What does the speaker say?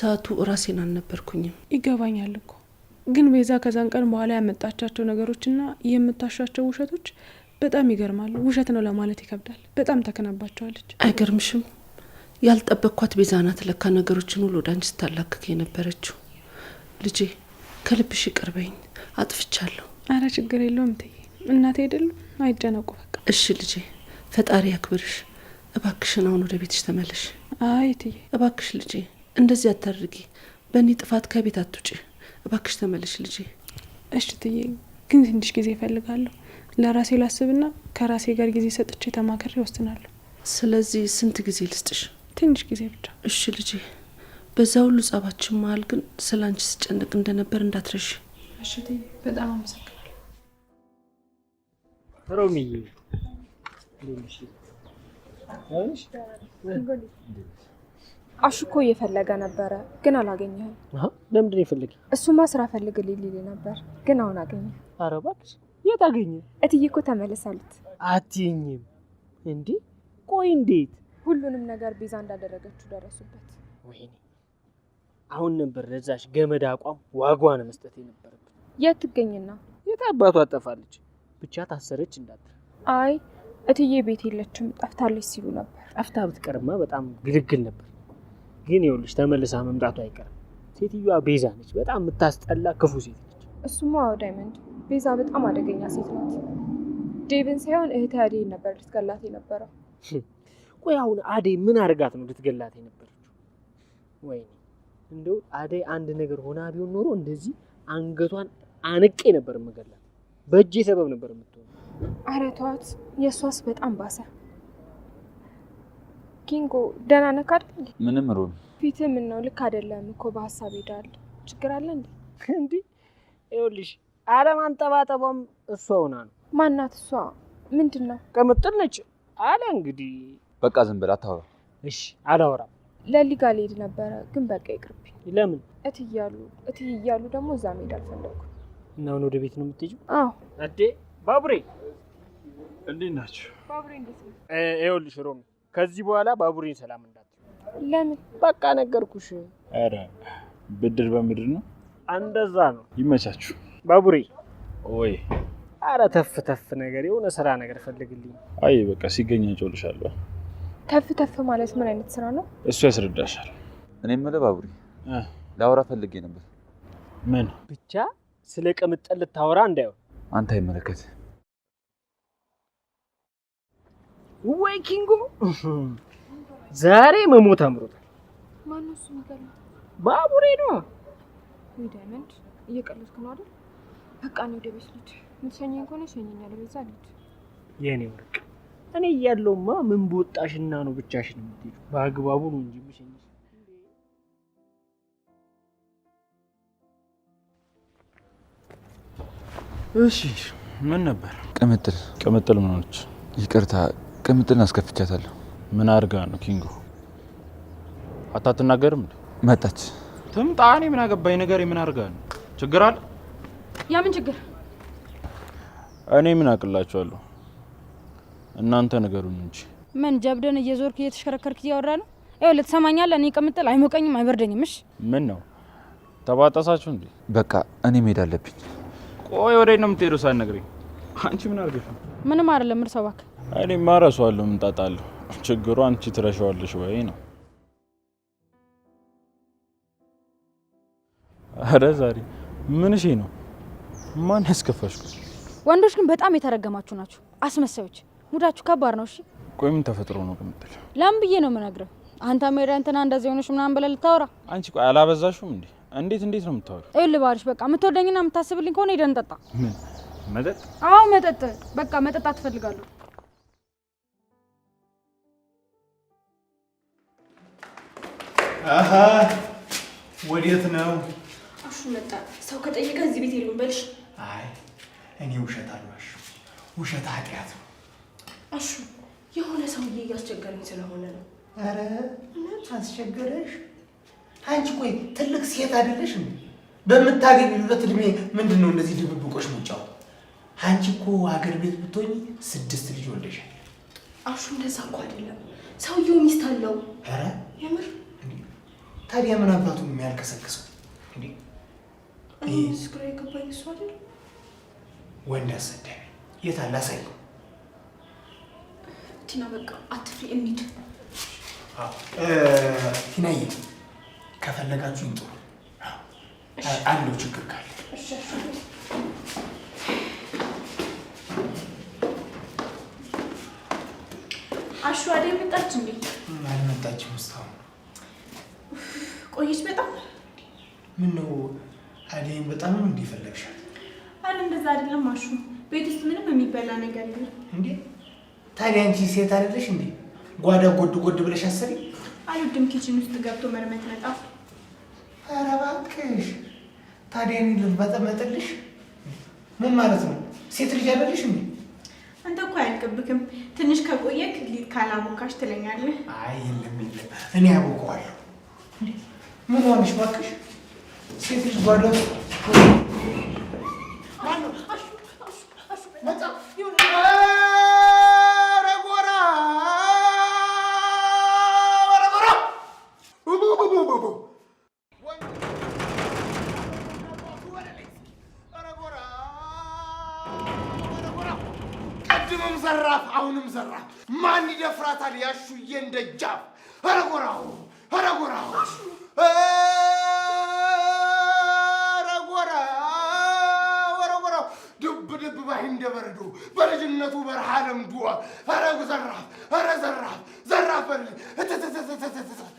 ሰዓቱ ራሴን አልነበርኩኝም። ይገባኛል እኮ ግን ቤዛ ከዛን ቀን በኋላ ያመጣቻቸው ነገሮችና የምታሻቸው ውሸቶች በጣም ይገርማሉ። ውሸት ነው ለማለት ይከብዳል። በጣም ተከናባቸዋለች። አይገርምሽም? ያልጠበቅኳት ቤዛ ናት ለካ ነገሮችን ሁሉ ወደ አንቺ ስታላክክ የነበረችው። ልጄ ከልብሽ ይቅርበኝ፣ አጥፍቻለሁ። አረ ችግር የለውም እትዬ፣ እናቴ አይደሉም፣ አይጨነቁ በቃ። እሺ ልጄ፣ ፈጣሪ ያክብርሽ። እባክሽን አሁን ወደ ቤትሽ ተመለሽ። አይ ትዬ፣ እባክሽ ልጄ እንደዚህ አታድርጊ። በእኔ ጥፋት ከቤት አትውጪ እባክሽ፣ ተመለሽ ልጄ። እሺ ትዬ፣ ግን ትንሽ ጊዜ እፈልጋለሁ። ለራሴ ላስብና ከራሴ ጋር ጊዜ ሰጥቼ ተማክሬ እወስናለሁ። ስለዚህ ስንት ጊዜ ልስጥሽ? ትንሽ ጊዜ ብቻ። እሺ ልጄ። በዛ ሁሉ ጸባችን መሀል ግን ስለ አንቺ ስጨንቅ እንደነበር እንዳትረሽ? እሺ ትዬ፣ በጣም አመሰግናለሁ። ሮሚዬ አሽኮ እየፈለገ ነበረ ግን አላገኘህም። ለምንድን ነው የፈለገ? እሱማ ስራ ፈልግልኝ ሊል ነበር ግን አሁን አገኘ። ኧረ እባክሽ የት አገኘ? እትዬ እኮ ተመለሳሉት። አትይኝም እንዴ? ቆይ እንዴት? ሁሉንም ነገር ቤዛ እንዳደረገችው ደረሱበት። ወይኔ አሁን ነበር ለዛሽ ገመድ አቋም ዋጓን መስጠት የነበረብን። የት ትገኝና? የት አባቷ አጠፋለች? ብቻ ታሰረች እንዳት አይ እትዬ ቤት የለችም ጠፍታለች ሲሉ ነበር። ጠፍታ ብትቀርማ በጣም ግልግል ነበር። ግን ይኸውልሽ ተመልሳ መምጣቱ አይቀርም። ሴትዮዋ ቤዛ ነች። በጣም የምታስጠላ ክፉ ሴት ነች። እሱማ አዎ ዳይመንድ፣ ቤዛ በጣም አደገኛ ሴት ናት። ዴቪን ሳይሆን እህት አዴ ነበር ልትገላት የነበረው። ቆይ አሁን አዴ ምን አድርጋት ነው ልትገላት የነበረችው? ወይ እንደው አዴ አንድ ነገር ሆና ቢሆን ኖሮ እንደዚህ አንገቷን አንቄ ነበር የምገላት። በእጄ ሰበብ ነበር የምትሆነው። አረ ተዋት፣ የእሷስ በጣም ባሰ። ኪንጎ ደህና ነህ አይደል? ምንም ሩል ፊት ምን ነው? ልክ አይደለም እኮ በሀሳብ ሄዳል። ችግር አለ እንዴ? እንዲህ ይኸውልሽ፣ አለማንጠባጠቧም እሷ ሆና ነው። ማናት እሷ? ምንድን ነው? ቅምጥል ነች አለ እንግዲህ። በቃ ዝም ብላ አታወራ። እሺ አላወራም። ለሊጋ ጋ ልሄድ ነበረ ግን በቃ ይቅርብኝ። ለምን? እት እት እትይያሉ ደግሞ እዛ መሄድ አልፈለኩም። እና አሁን ወደ ቤት ነው የምትሄጂው? አዎ። አዴ ባቡሬ እንዴት ናቸው? ባቡሬ እንዴት ነው? ይኸውልሽ ሮሚ ከዚህ በኋላ ባቡሬን ሰላም እንዳት። ለምን? በቃ ነገርኩሽ። ኧረ ብድር በምድር ነው። እንደዛ ነው። ይመቻችሁ። ባቡሬ ወይ አረ ተፍ ተፍ ነገር የሆነ ስራ ነገር ፈልግልኝ። አይ በቃ ሲገኝ እጮልሻለሁ። ተፍ ተፍ ማለት ምን አይነት ስራ ነው? እሱ ያስረዳሻል። እኔ የምልህ ባቡሬ ላውራ ፈልጌ ነበር። ምን ብቻ ስለ ቅምጥል ልታወራ እንዳይሆን አንተ አይመለከትህ ወይ ኪንጎ ዛሬ መሞት አምሮታል። ማነው እሱ? የሚገርመው ባቡሬ ነው። ወይ ዳይመንድ፣ እየቀለድክ ነው አይደል? በቃ እኔ ወደ ቤት ልሂድ። የምትሸኘኝ ከሆነ እሸኘኛለሁ። በዛ ልጅ የኔ ወርቅ፣ እኔ እያለሁማ ምን በወጣሽና ነው ብቻሽን የምትሄጂው? በአግባቡ ነው እንጂ የምሸኘሽ። እሺ ምን ነበር? ቅምጥል ቅምጥል ምን ሆነች? ይቅርታ ቅምጥልን አስከፍቻታለሁ። ምን አድርጋ ነው ኪንጎ? አታትናገርም እንዴ? መጣች ትምጣ። እኔ ምን አገባኝ? ነገር ምን አድርጋ ነው? ችግር አለ? ያ ምን ችግር? እኔ ምን አቅላችኋለሁ? እናንተ ነገሩን እንጂ ምን ጀብደን እየዞርክ እየተሽከረከርክ እያወራ ነው? ይኸውልህ ትሰማኛለህ? እኔ ቅምጥል አይሞቀኝም አይበርደኝም። እሺ ምን ነው ተባጠሳችሁ እንዴ? በቃ እኔ መሄድ አለብኝ። ቆይ ወደ ነው ሳን ሳትነግሪኝ አንቺ ምን አድርገሽ? ምንም አይደለም። እርሰው እባክህ እኔ እረሳዋለሁ። ምን ጣጣ ችግሩ አንቺ ትረሻዋለሽ ወይ ነው። አረ ዛሬ ምን እሺ ነው? ማን ያስከፋሽኩ? ወንዶች ግን በጣም የተረገማችሁ ናችሁ፣ አስመሳዮች። ሙዳችሁ ከባድ ነው። እሺ ቆይ ምን ተፈጥሮ ነው? ቅምጥል ለም ብዬ ነው የምነግርህ። አንተ ሜዳ እንትና እንደዚህ ሆነሽ ምናምን ብለህ ልታወራ አንቺ። ቆይ አላበዛሽም እንዴ? እንዴት እንዴት ነው የምታወራው? ይኸውልህ ባልሽ በቃ የምትወደኝና የምታስብልኝ ከሆነ ሄደን እንጠጣ። መጠጥ? አዎ መጠጥ። በቃ መጠጣ ትፈልጋለሁ ወዴት ነው? አሹ መጣ። ሰው ከጠየቀ እዚህ ቤት የሉም በልሽ። አይ እኔ ውሸት አልዋሽ። ውሸት ኃጢአት ነው። አሹ የሆነ ሰውዬ እያስቸገረኝ ስለሆነ ነው። ኧረ እውነት አስቸገረሽ? አንቺ ቆይ ትልቅ ሴት አይደለሽ? በምታገቢበት እድሜ ምንድን ነው እነዚህ ድብብቆች ሙጫው? አንቺ እኮ ሀገር ቤት ብትሆኝ ስድስት ልጅ ወልደሻል። አሹ እንደዛ እኮ አይደለም። ሰውየው ሚስት አለው። ኧረ የምር ታዲያ ምን አባቱ የሚያልከሰክሰው እሱ አይደል? ወንድ አሰዳቢ የት አለ? አሳየው። ቲና በቃ አትፍሪ፣ እንሂድ። ቲናዬ ከፈለጋችሁ ይምጡ አለው ችግር ካለ አሹ አይደል? መጣች እንዴ? እስካሁን ቆየች በጣም። ምነው አደይን በጣም ነው እንዲፈለግሻል? አረ እንደዛ አይደለም አሹ፣ ቤት ውስጥ ምንም የሚበላ ነገር የለም። እንዴ ታዲያ አንቺ ሴት አይደለሽ እንዴ? ጓዳ ጎድ ጎድ ብለሽ አሰሪ። አልወድም ኪችን ውስጥ ገብቶ መርመት መጣ አረ እባክሽ ታዲያ እኔ ልበጠመጥልሽ? ምን ማለት ነው? ሴት ልጅ አይደለሽ እንዴ? አንተ እኮ አያልቅብክም። ትንሽ ከቆየክ ሊት ካላቦካሽ ትለኛለህ። አይ የለም የለም፣ እኔ አቦከዋለሁ። ምን ሆነሽ እባክሽ? ሴት ልጅ ባለ ቅድምም ዘራፍ አሁንም ዘራፍ ማን ይደፍራታል? ያሹዬ እንደጃፍ ኧረ ረጎራ ረጎራ ረጎራው ድብ ድብ በልጅነቱ በረሃ ለምዱ ኧረ ዘራፍ ኧረ ዘራፍ ዘራፍ በል